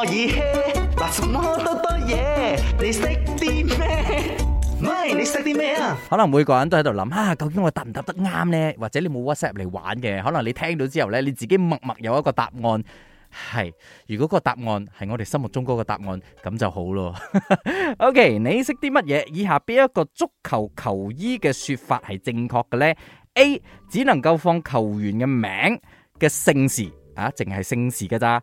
我耳起話什麼多多嘢，你識啲咩？唔係你識啲咩啊？可能每個人都喺度諗啊，究竟我答唔答得啱呢，或者你冇 WhatsApp 嚟玩嘅，可能你聽到之後呢，你自己默默有一個答案係，如果個答案係我哋心目中嗰個答案，咁就好咯。OK，你識啲乜嘢？以下邊一個足球球衣嘅說法係正確嘅呢？A 只能夠放球員嘅名嘅姓氏啊，淨係姓氏噶咋？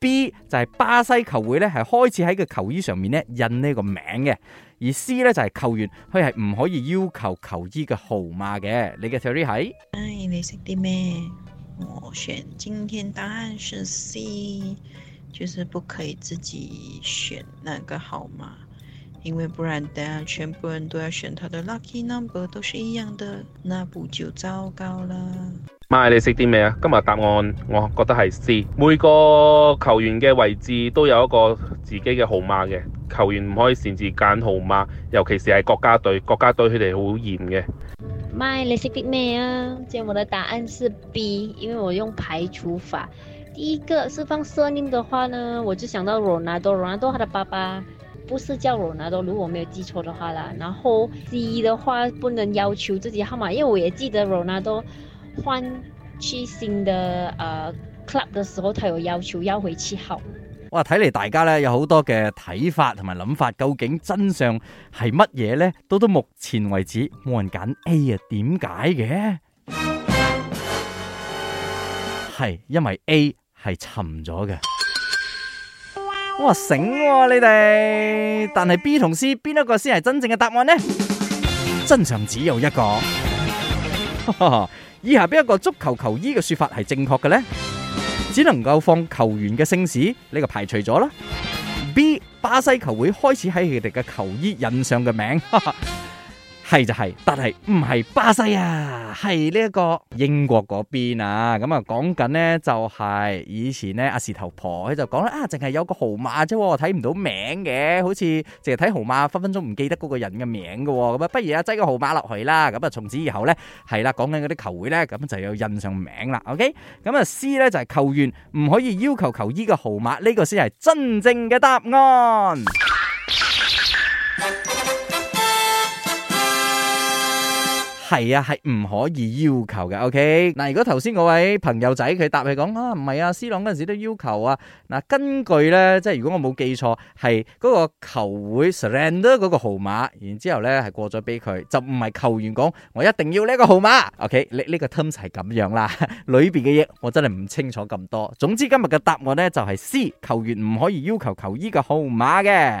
B 就係巴西球會咧，係開始喺個球衣上面咧印呢個名嘅；而 C 咧就係球員，佢係唔可以要求球衣嘅號碼嘅。你嘅 theory 係？哎，你識啲咩？我選今天答案是 C，就是不可以自己選那個號碼，因為不然等下，全部人都要選他的 lucky number 都是一樣的，那不就糟糕啦？咪，你識啲咩啊？今日答案我覺得係 C，每個球員嘅位置都有一個自己嘅號碼嘅，球員唔可以擅自揀號碼，尤其是係國家隊，國家隊佢哋好嚴嘅。咪，你識啲咩啊？即係我嘅答案是 B，因為我用排除法，第一個是放設定的話呢，我就想到羅納多，羅納多，他的爸爸不是叫羅納多，如果我沒有記錯的話啦。然後 C 的話不能要求自己號碼，因為我也記得羅納多。去新嘅誒 club 嘅時候，他有要求要回好。哇，睇嚟大家咧有好多嘅睇法同埋諗法，究竟真相係乜嘢咧？到到目前為止冇人揀 A 啊，點解嘅？係因為 A 係沉咗嘅。哇，醒啊，你哋！但係 B 同 C 邊一個先係真正嘅答案呢？真相只有一個。 以下邊一個足球球衣嘅說法係正確嘅呢？只能夠放球員嘅姓氏，呢個排除咗啦。B 巴西球會開始喺佢哋嘅球衣印上個名。 係就係、是，但係唔係巴西啊，係呢一個英國嗰邊啊。咁啊，講緊呢，就係以前呢，阿士頭婆佢就講啦啊，淨係有個號碼啫，睇唔到名嘅，好似淨係睇號碼，分分鐘唔記得嗰個人嘅名嘅。咁啊，不如阿擠個號碼落去啦。咁啊，從此以後呢，係啦，講緊嗰啲球會呢，咁就要印上名啦。OK，咁啊，C 呢，就係、是、球員唔可以要求球衣嘅號碼，呢、這個先係真正嘅答案。係啊，係唔可以要求嘅，OK？嗱，如果頭先嗰位朋友仔佢答佢講啊，唔係啊，C 朗嗰陣時都要求啊。嗱，根據咧，即係如果我冇記錯，係嗰個球會 surrender 嗰個號碼，然之後咧係過咗俾佢，就唔係球員講我一定要呢個號碼，OK？呢呢個 terms 係咁樣啦，裏邊嘅嘢我真係唔清楚咁多。總之今日嘅答案咧就係 C，球員唔可以要求球衣嘅號碼嘅。